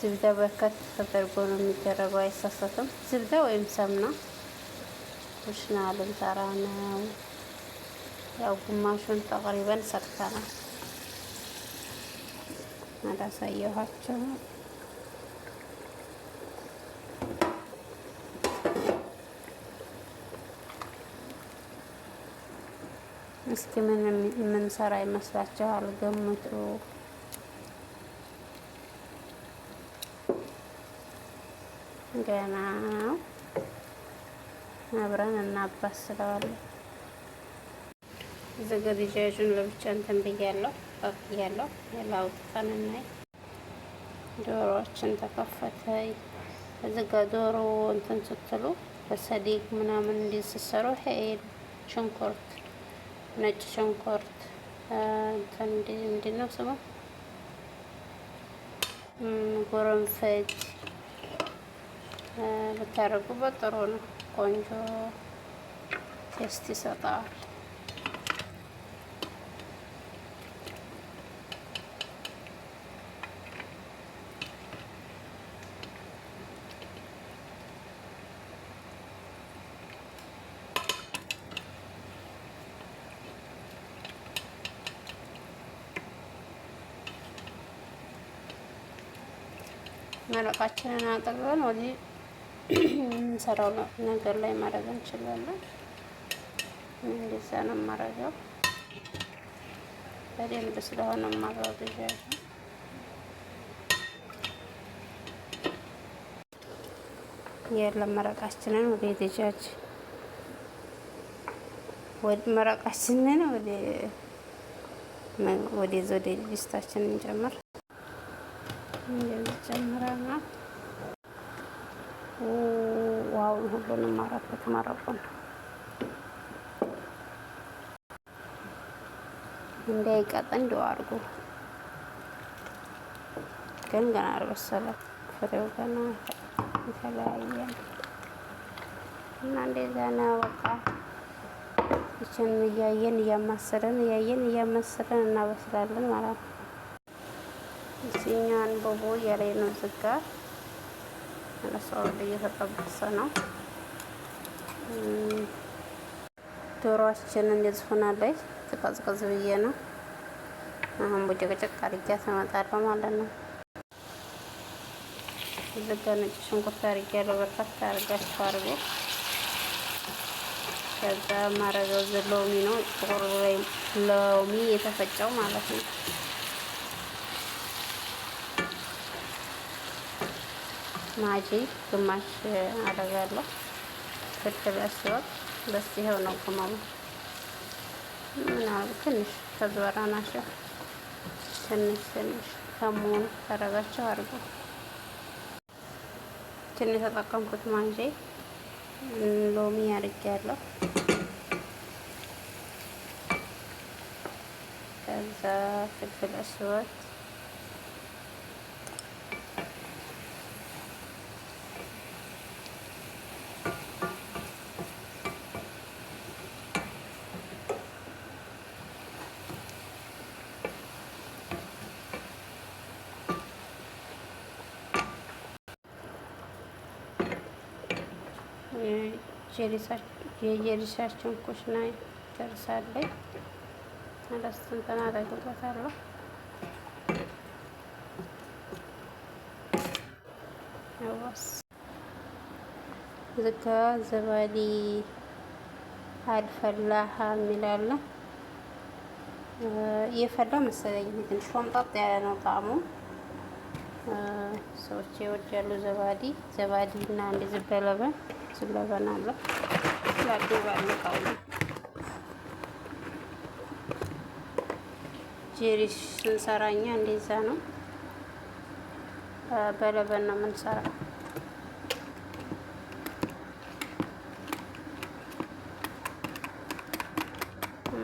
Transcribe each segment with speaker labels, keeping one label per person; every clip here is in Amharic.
Speaker 1: ዝብዳ በርከት ተደርጎ ነው የሚደረገው። አይሳሳትም። ዝብዳ ወይም ሰምና ኩሽና ልንሰራ ነው። ያው ግማሹን ተቅሪበን ሰርተናል። አላሳየኋቸው እስኪ ምን ሰራ ይመስላችኋል? ገምቱ። ገና ነው። አብረን እናባስለዋለን። ዝግጅቱን ለብቻ እንትን ብያለሁ ያለው ያላውጥተን እናይ። ዶሮዎችን ተከፈተ። እዚህ ጋ ዶሮ እንትን ስትሉ በሰዲግ ምናምን እንዲህ ስትሰሩ ሄል ሽንኩርት፣ ነጭ ሽንኩርት እንትን እንዲህ ነው ስሙ ጎረንፈጅ ብታደርጉበት ጥሩ ነው። ቆንጆ ቴስት ይሰጠዋል። መረቃችንን አጠግበን ወዲህ የምንሰራው ነገር ላይ ማድረግ እንችላለን። እንደዛ ነው የማደርገው። በደንብ ስለሆነ ማራግዣለሁ። የለም መረቃችንን ወደ የተጃጅ መረቃችንን ወደ ወደ ዞ ወደ እንጨምር እንጨምራለን። ውሃውን ሁሉንም አረኩት መረቁን እንዳይቀጥን እንደው አድርጎ ግን ገና አልበሰለም። ፍሬው ገና የተለያየ እና እንደዛ ነው። በቃ ይችን እያየን እያማሰለን እያየን እያማሰለን እናበስላለን ማለት ነው። እዚህኛን ቦቦ እያላይ ነው ዝጋ እነሱ አሁን እየተጠበሰ ነው። ዶሮችን እንደዚህ ሆናለች። ቅዝቅዝ ብዬ ነው አሁን ቡጭቅጭቅ አድርጊያት እመጣለሁ ማለት ነው። እዚህ ነጭ ሽንኩርት አድርጊያለሁ። በርካታ አድርጋችሁ አድርጎ ከዛ ማረገው ሎሚ ነው ጥቁር ሎሚ የተፈጨው ማለት ነው። ማጂ ግማሽ አደርጋለሁ። ፍት በስወቅ በስ ይኸው ነው ቅመሙ ምናምን ትንሽ ተዝበራ ናቸው ትንሽ ትንሽ ከመሆኑ ተረጋቸው አድርገው ትንሽ የተጠቀምኩት ማንዜ ሎሚ አድርጌያለሁ። ከዛ ፍልፍል እስወት የየዲሻችን ኩሽና ደርሳለኝ። አላስተንተና አደርግበታለሁ። አዋስ ዝጋ ዘባዲ አልፈላህ የሚላለ የፈላ መሰለኝ። ትንሽ ወምጣጥ ያለ ነው ጣዕሙ። ሰዎች ይወዳሉ። ዘባዲ ዘባዲ እና አንድ ዝበለበን ስለበን አለ ላዱ ባለቃው ጄሪሽ ስንሰራኛ እንደዛ ነው። በለበን ነው የምንሰራ።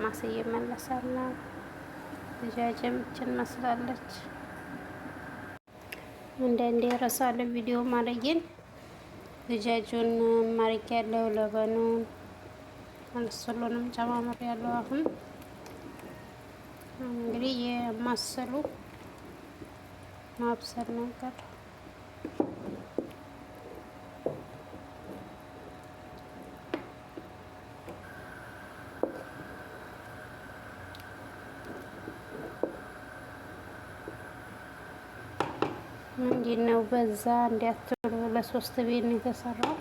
Speaker 1: ማስዬ መለሳና ልጃጀምችን መስላለች። አንዳንዴ እረሳለሁ ቪዲዮ ማድረጌን። ልጃጁን ማድረግ ያለው ለበኑ አልሰሎንም ጨማምር ያለው አሁን እንግዲህ የማሰሉ ማብሰል ነገር እንዴት ነው በዛ እንዲያትሉ ለሶስት ቤት ነው የተሰራው።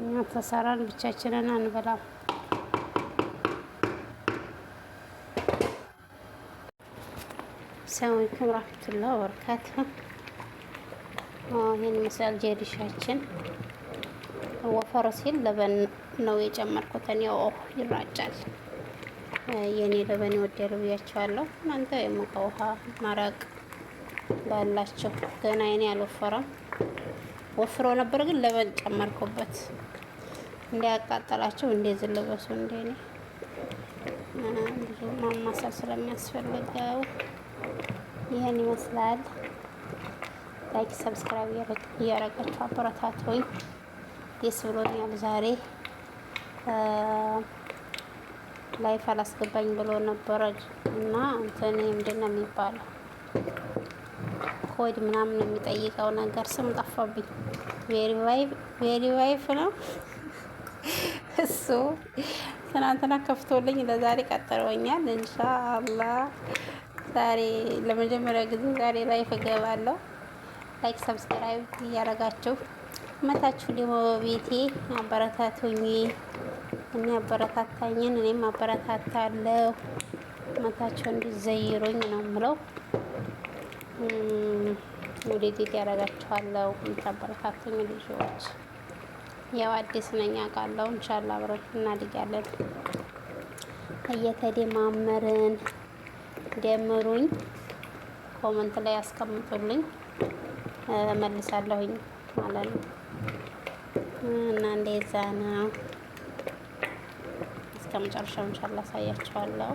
Speaker 1: እኛ ተሰራን ብቻችንን አንበላም። ሰላም አለይኩም ወራህመቱላሂ ወበረካቱ። ይህን መሳል ጀዲሻችን ወፈር ሲል ለበን ነው የጨመርኩትን። ያው ይራጫል የኔ ለበኔ ወደለው ብያቸዋለሁ። እናንተ የሞቀ ውሃ ማራቅ ባላቸው። ገና የኔ አልወፈረም፣ ወፍሮ ነበር ግን ለበን ጨመርኩበት እንዲያቃጠላቸው። እንደዚህ ልበሱ እንደኔ ብዙ ማማሰል ስለሚያስፈልገው ይህን ይመስላል። ላይክ ሰብስክራይብ እያረጋችሁ አበረታቶኝ ደስ ብሎኛል ዛሬ ላይፍ አላስገባኝ ብሎ ነበረ እና እንትን ምንድን ነው የሚባለው ኮድ ምናምን የሚጠይቀው ነገር ስም ጠፋብኝ። ዋይፍ ነው እሱ። ትናንትና ከፍቶልኝ ለዛሬ ቀጥሮኛል። እንሻአላ ዛሬ ለመጀመሪያ ጊዜ ዛሬ ላይፍ እገባለሁ። ላይክ ሰብስክራይብ እያደረጋችሁ መታችሁ ደግሞ ቤቴ አበረታቱኝ። የሚያበረታታኝን እኔም አበረታታለሁ። መታቸው እንዲዘይሩኝ ነው ምለው ውድድር ያደርጋችኋለሁ። የምታበረታቱኝ ልጆች ያው አዲስ ነኝ አውቃለሁ። እንሻላ አብረን እናድጋለን። እየተደማመርን ደምሩኝ፣ ኮመንት ላይ አስቀምጡልኝ መልሳለሁኝ ማለት ነው እና እንደዛ ነው። እስከ መጨረሻው እንሻላ አሳያችኋለሁ።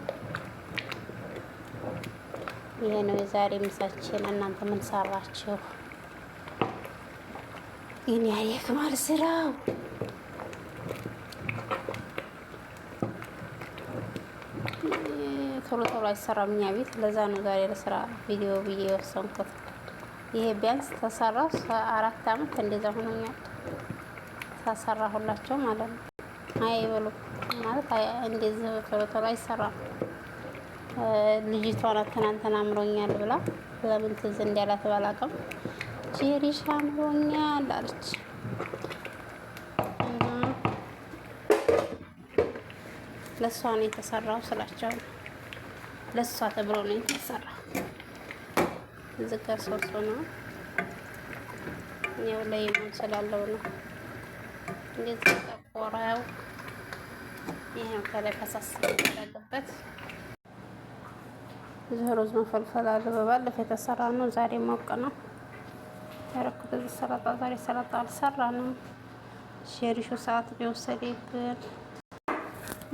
Speaker 1: ይሄ ነው የዛሬ ምሳችን። እናንተ ምን ሰራችሁ? ግን ያየክ ማለት ስራው ቶሎ ቶሎ አይሰራም እኛ ቤት። ለዛ ነው ዛሬ ለስራ ቪዲዮ ብዬ ወሰንኩት። ይሄ ቢያንስ ተሰራ አራት አመት እንደዛ ሆኖኛል ተሰራ ሁላቸው ማለት ነው። አይ በሉ እንደዚህ ቶሎ ቶሎ አይሰራም። ልጅቷ ናት ትናንትና አምሮኛል ብላ ለምን ትዝ እንዳላት ባላውቅም ጄሪሽ አምሮኛል አለች። ለእሷ ነው የተሰራው ስላቸው ለእሷ ተብሎ ነው የተሰራ። ዝገር ሶሶ ነው ያው ለይሞን ስላለው ነው እንደዚህ ጠቆረው ይሄም ከላይ ፈሳስ ያለበት እዚህ ሩዝ መፈልፈል አለ። በባለፈው የተሰራ ነው። ዛሬ ሞቅ ነው ያደረኩት። እዚህ ሰላጣ ዛሬ ሰላጣ አልሰራንም። ሼሪሹ ሰዓት ሊወሰድብን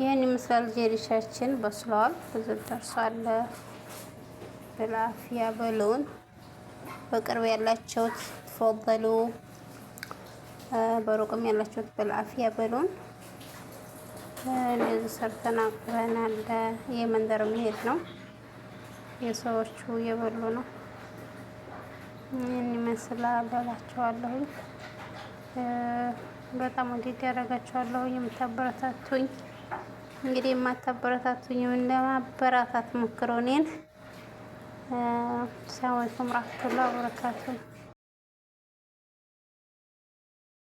Speaker 1: ይህን ይመስላል። ጀሪሻችን በስሏል። ብዙ ደርሷል። በላፊያ በሉን። በቅርብ ያላችሁት ትፎበሉ፣ በሩቅም ያላችሁት በላፊያ በሉን። እንደዚህ ሰርተን አቁረናል። የመንደር መሄድ ነው። የሰዎቹ እየበሉ ነው። ይህን ይመስላ በላቸዋለሁኝ። በጣም ወዴት ያደረጋቸዋለሁኝ የምታበረታቱኝ እንግዲህ የማታበረታቱኝ ለማበረታት ሞክረው እኔን ሰላም አለይኩም ረህመቱላሂ ወበረካቱህ